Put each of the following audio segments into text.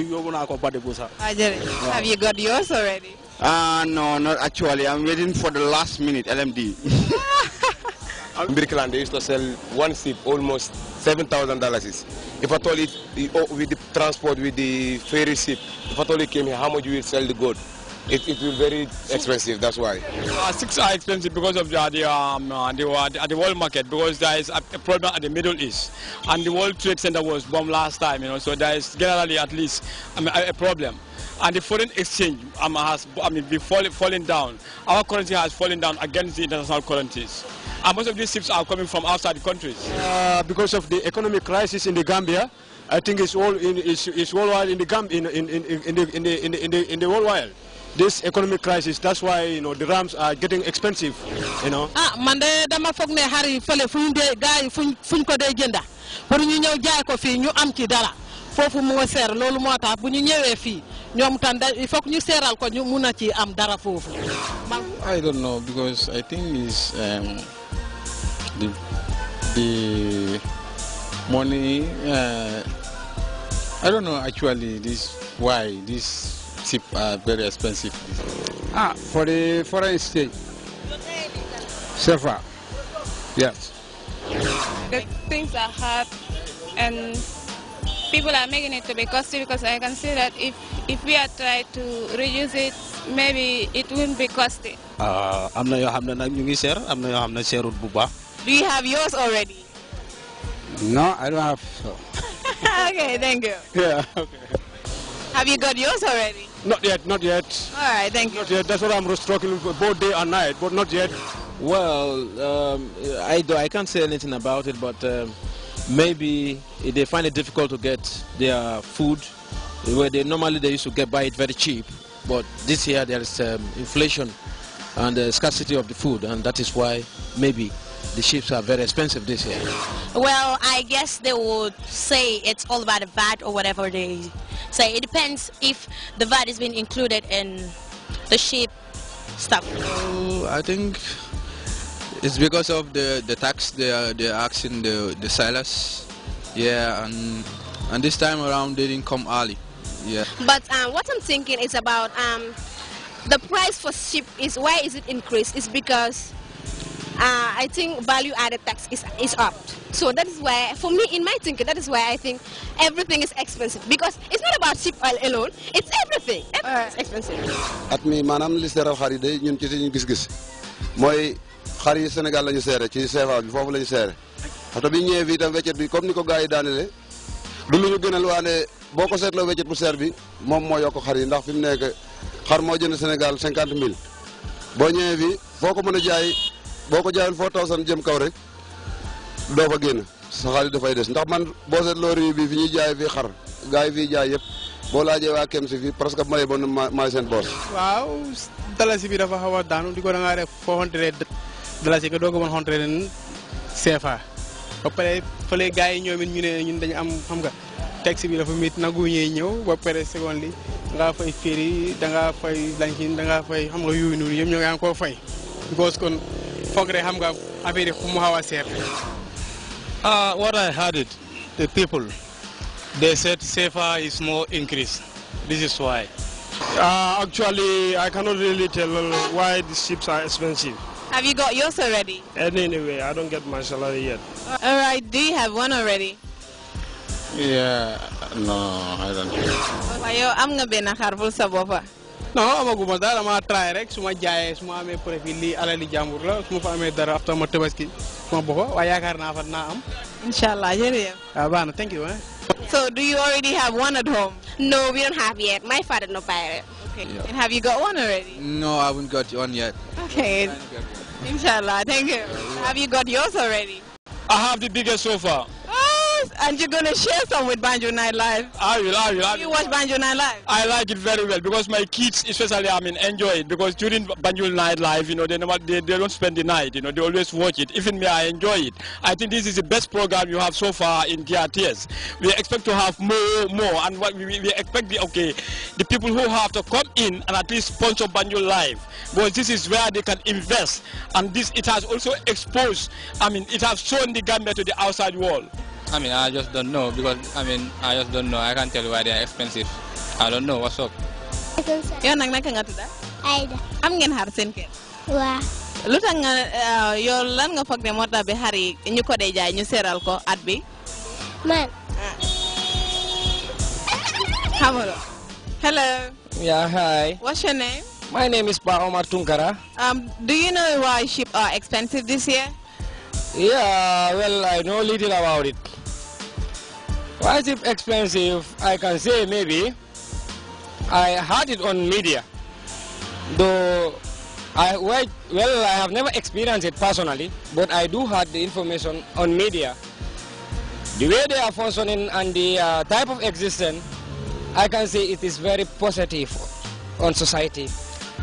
you're not the sir. Have you got yours already? Uh, no, not actually. I'm waiting for the last minute LMD. In Birkeland, they used to sell one sip almost $7,000. If I told it, oh, with the transport, with the ferry ship, if I told it came here, how much you will sell the gold? it, it will be very expensive, that's why. Uh, six are expensive because of the, the, um, uh, the, uh, the, the world market, because there is a, a, problem at the Middle East. And the World Trade Center was bombed last time, you know, so there is generally at least I um, mean, a, a, problem. And the foreign exchange um, has I mean, been fall, falling down. Our currency has fallen down against the international currencies. And most of these ships are coming from outside the countries. Uh, because of the economic crisis in the Gambia, I think it's all in, it's, it's worldwide in the Gambia, in, in, in, in, the, in, the, in, the, in the worldwide this economic crisis that's why you know the rams are getting expensive you know ah man de dama foog ne xar yi fële fuñ dee gars yi fuñ fuñ ko dee jënda pour ñu ñëw jaay ko fii ñu am ci dara foofu moo seer loolu moo bu ñu ñëwee fii ñoom tan il faut ñu ko ñu mun am dara foofu I don't know because I think is um, the the money uh, I don't know actually this why this cheap, uh, very expensive. Ah, for the foreign state. So far, yes. The things are hard and people are making it to be costly because I can see that if, if we are trying to reduce it, maybe it won't be costly. am na yoo xam ne nag am not your xam ne seerut Do you have yours already? No, I don't have so. okay, thank you. Yeah, okay. Have you got yours already? Not yet, not yet. All right, thank you. Not yet. That's what I'm struggling with both day and night, but not yet. Well, um, I, do, I can't say anything about it, but um, maybe they find it difficult to get their food where they normally they used to get by it very cheap. But this year there is um, inflation and the scarcity of the food, and that is why maybe the ships are very expensive this year. Well, I guess they would say it's all about the VAT or whatever they say. It depends if the VAT has been included in the ship stuff. Oh, I think it's because of the, the tax they are, they are asking the, the sailors. Yeah, and, and this time around they didn't come early. Yeah. But um, what I'm thinking is about um, the price for ship is why is it increased? It's because uh, I think value added tax is, is up. So that is why, for me, in my thinking, that is why I think everything is expensive because it's not about cheap oil alone, it's everything. Everything is expensive. at mi maanaam li seeral xar yi de ñun ci Sénégal la ñu seere ci CFA bi foofu la ñu seere bi ñëwee fii itam weccet bi comme ni ko gars yi daanele du lu ñu gënal waane boo ko seetloo weccet bu seer bi moom moo yokk xar yi ndax fi nekk xar moo jënd Sénégal cinquante mille boo ñëwee foko foo ko jaay boo ko jaayoon foo tawsan jëm kaw rek doo fa génn sa xaalis dafay des ndax man boo seet loo réew bi fi ñuy jaay fii xar gars yi fii jaay yëpp boo laajee waa kem si fii presque bu ma yeboon maay seen boos. waaw dalasi bi dafa xaw a daanu di ko da ngaa def foo xontalee dalasi ko doo ko mën xontalee leen CFA ba pare fële gars yi ñoom it ñu ñun dañu am xam nga taxi bi dafa métti nagu ñuy ñëw ba pare seconde li dangaa fay féeri dangaa fay lankin dangaa fay xam nga yooyu noonu yëpp ñoo ngi ko fay Ah, what I heard it the people they said safer is more increase this is why. Uh, actually, I cannot really tell why the ships are expensive. Have you got yours already? Anyway, I don't get my salary yet. Uh, All right, do you have one already? Yeah, no, I don't. i am nga ben akar sa bopa. non amaguma daal dama try rek su ma jaayee su ma amee profil lii alali jàmbur la su ma fa amee dara after ma tabaski ma bokk waaye yaakaar naa fa naa am. incha allah jërëjëf. waaw ah, thank you. So do you already have one at home? No, we don't have yet. My father not buy And have you got one already? No, I haven't got one yet. Okay. Inshallah, thank you. Have you got yours already? I have the biggest so And you're going to share some with Banjo Night Live? I will, I will. I You watch Banjo Night Live? I like it very well because my kids, especially, I mean, enjoy it because during Banjo Night Live, you know, they, they, they don't spend the night, you know, they always watch it. Even me, I enjoy it. I think this is the best program you have so far in DRTS. We expect to have more, more, and what we, we expect, the, okay, the people who have to come in and at least sponsor Banjo Live because this is where they can invest and this, it has also exposed, I mean, it has shown the Gambia to the outside world. I mean, I just don't know because I mean, I just don't know. I can't tell you why they are expensive. I don't know what's up. Yo nak naka nga tudda? Ah? Aida. Am ngeen xar seen kër? Waa. Lu tax nga uh, yow lan nga foog ne moo tax bi xar ñu ko dee jaay ñu ko at bi? Man. Hello. Ah. Hello. Yeah, hi. What's your name? My name is Ba Omar Tunkara. Um, do you know why sheep are expensive this year? Yeah, well, I know little about it. Why is it expensive? I can say maybe I heard it on media, though I well I have never experienced it personally, but I do have the information on media. The way they are functioning and the uh, type of existence, I can say it is very positive on society.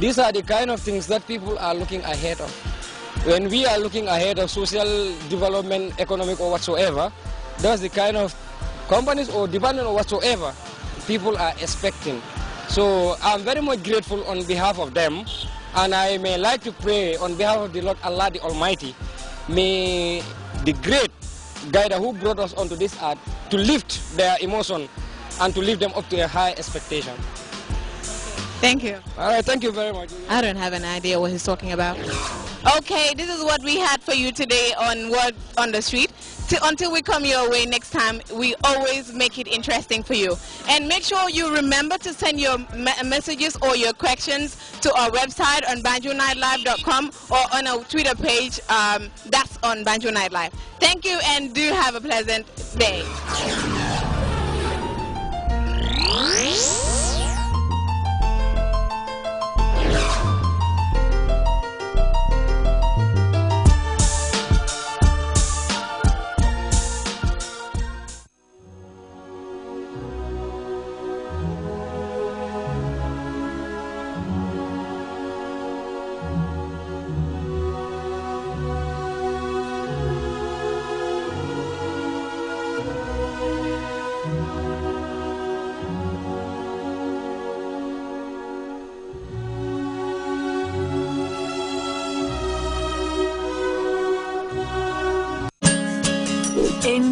These are the kind of things that people are looking ahead of. When we are looking ahead of social development, economic or whatsoever, that's the kind of companies or department or whatsoever, people are expecting. So I'm very much grateful on behalf of them, and I may like to pray on behalf of the Lord Allah the Almighty, may the great guide who brought us onto this earth to lift their emotion and to lift them up to a high expectation. Thank you. All right, thank you very much. I don't have an idea what he's talking about. Okay, this is what we had for you today on what on the Street until, until we come your way next time, we always make it interesting for you. And make sure you remember to send your me messages or your questions to our website on banjonightlive.com or on our Twitter page um, that's on Banjo Night Thank you and do have a pleasant day.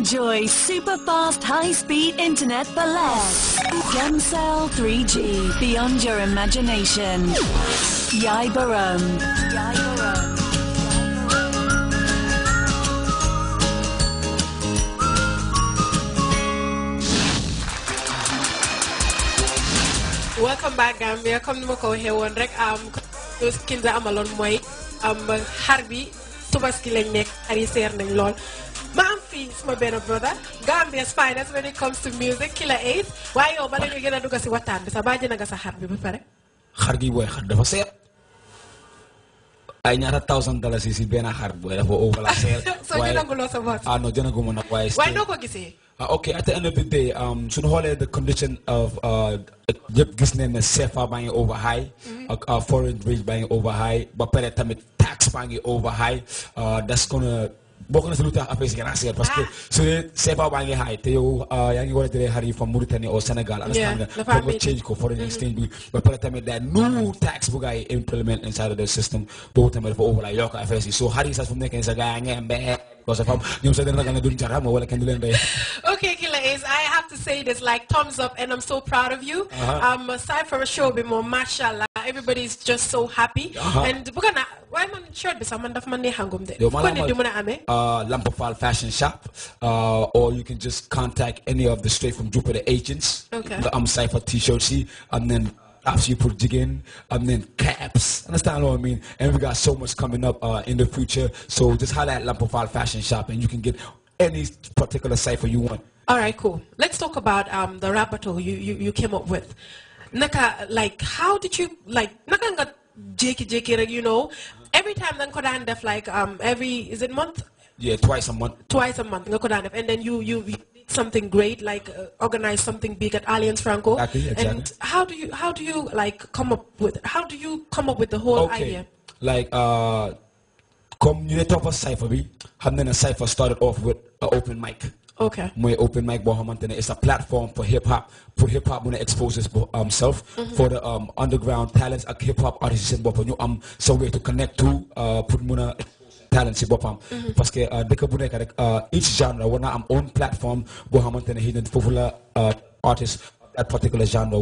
Enjoy super fast high-speed internet for less. Gemcell 3G, beyond your imagination. Yai Barom. Yai Barom. Welcome back Gambia comme to ma ko waxee woon rek am kinza amaloon mooy am xar bi subaski lañ nekk xar yi seer is my better brother. Gambia's finest when it comes to music, Killer 8. Why you bala ñu gëna dugg ci what? bi sa baaji na nga sa xar bi ba paré. Xar gi boy xar dafa seet. Ay ñaata thousand dollars ci benn xar boy dafa over la seet. So ñu nanguloo sa vote. Ah non jëna ko mo nak waaye. Waaye noo ko gisee? Uh, okay, at the end of the day, um, so the condition of uh, yep, gis name is SEFA buying over high, mm -hmm. uh, uh, foreign rate buying over high, but by the time it tax buying over high, uh, that's gonna parce que ah. te yow ngi Mauritanie au Sénégal nga change ko foreign mm-hmm. exchange bi ba pare tamit new tax bu implement inside the system tamit so fu sa ragal duñ wala kenn du okay killer Ace I have to say this like thumbs up and I'm so proud of you uh-huh. um aside from a show bi moom mashallah everybody's just so happy uh-huh. and bëgg naa waaye man shirt bi sax man daf man ne xangum de fu a amee Lampa Fall Fashion Shop uh, or you can just contact any of the straight from Jupiter agents Okay. The am um, cypher shirt see, and then after you put again, and then caps. Understand what I mean? And we got so much coming up uh, in the future. So just highlight at Lampofile Fashion Shop and you can get any particular cipher you want. All right, cool. Let's talk about um, the rap battle you, you, you came up with naka like how did you like naka nga jake jékki you know every time then ko def like um every is it month. yeah twice a month. twice a month nga and then you you. something great, like uh, organize something big at Alliance Franco. Exactly, exactly. And how do you how do you like come up with how do you come up with the whole okay. idea? Like uh, come you talk about Cypher, we have then a Cypher started off with an open mic. Okay. My open mic boo is it's a platform for hip hop For hip hop when it exposes himself um, mm-hmm. for the um, underground talents a hip hop artistes in bopp i am um, so way to connect to uh, put mun talents talent si Because parce que dëkk each genre war na am own platform boo hidden popular xëy na artist that particular genre